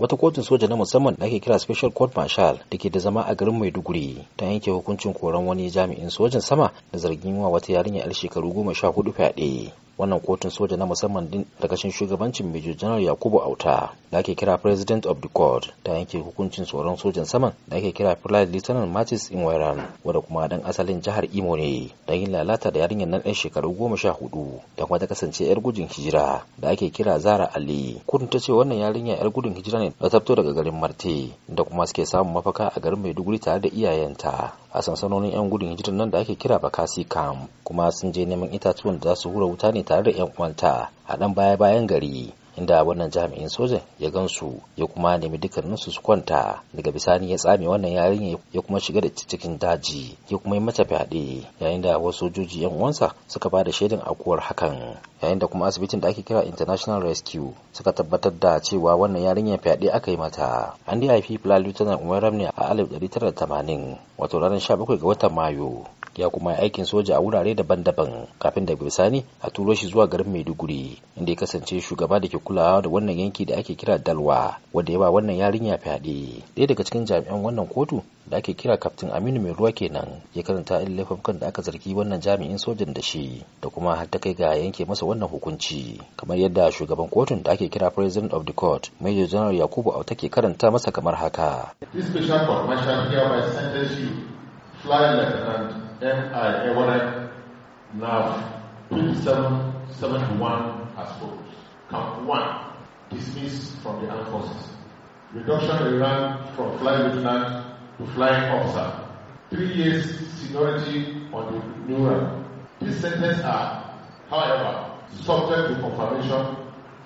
wata kotun soja na musamman da ake kira special court marshal da ke da zama a garin maiduguri ta yanke hukuncin koran wani jami'in sojan sama da zargin wa wata yarinya yar shekaru goma sha hudu fyaɗe wannan kotun soja na musamman din kashin shugabancin major general yakubu auta da ake kira president of the court ta yanke hukuncin tsoron sojan saman da ake kira flight lieutenant matis inwairan wadda kuma dan asalin jihar imo ne da yin lalata da yarinyar nan yan shekaru goma sha hudu da kuma ta kasance yar gudun hijira da ake kira zara ali kudin ta ce wannan yarinya yar gudun hijira ne da ta daga garin marte da kuma suke samun mafaka a garin maiduguri tare da iyayenta a sansanonin yan gudun hijirar nan da ake kira bakasi camp kuma sun je neman itatuwan da za su hura wuta ne tare da 'yan uwanta a ɗan baya-bayan gari inda wannan jami'in sojan ya gansu ya kuma nemi dukkanin su su kwanta daga bisani ya tsame wannan yarinya ya kuma shiga da cikin daji ya kuma yi mata fyaɗe yayin da wasu sojoji yan uwansa suka ba da shaidan akuwar hakan yayin da kuma asibitin da ake kira international rescue suka tabbatar da cewa wannan yarinyar fyaɗe aka yi mata an dai haifi fulani lieutenant umar ramni a 1980 wato ranar 17 ga watan mayu ya kuma aikin soja a wurare daban-daban kafin da bisani a turo shi zuwa garin maiduguri inda ya kasance shugaba da ke kulawa da wannan yanki da ake kira dalwa wanda ya ba wannan yarinya fyaɗe ɗaya daga cikin jami'an wannan kotu da ake kira kaftin aminu mai ruwa kenan ya karanta a laifukan da aka zargi wannan jami'in sojan da shi da kuma har ta kai ga yanke masa wannan hukunci kamar yadda shugaban kotun da ake kira president of the court major general yakubu auta ke karanta masa kamar haka this special court hereby sentence you fly lieutenant MIAY now as follows. Count 1. Dismiss from the armed forces. Reduction in rank from flying lieutenant to flying officer. Three years seniority on the new rank. These sentences are, however, subject to confirmation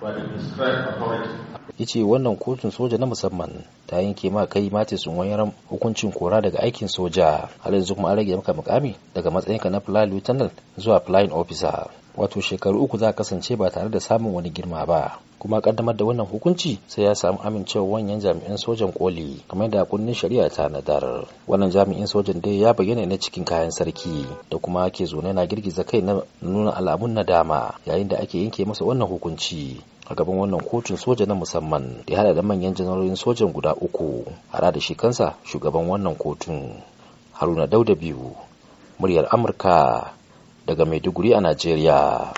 by the prescribed authority. ce wannan kotun soja na musamman ta yanke ma kai mace sun wayaran hukuncin kora daga aikin soja har yanzu kuma an rage maka mukami daga matsayinka na flying lieutenant zuwa flying officer wato shekaru uku za kasance ba tare da samun wani girma ba kuma kaddamar da wannan hukunci sai ya samu amincewa wanyan jami'an sojan koli kamar da kunnin shari'a ta nadar wannan jami'in sojan dai ya bayyana ne cikin kayan sarki da kuma ke zo na girgiza kai na nuna alamun nadama yayin da ake yanke masa wannan hukunci a gaban wannan kotun soja na musamman da ya hada da manyan janarorin sojan guda uku hada da shi kansa shugaban wannan kotun haruna dauda biyu muryar amurka daga maiduguri a najeriya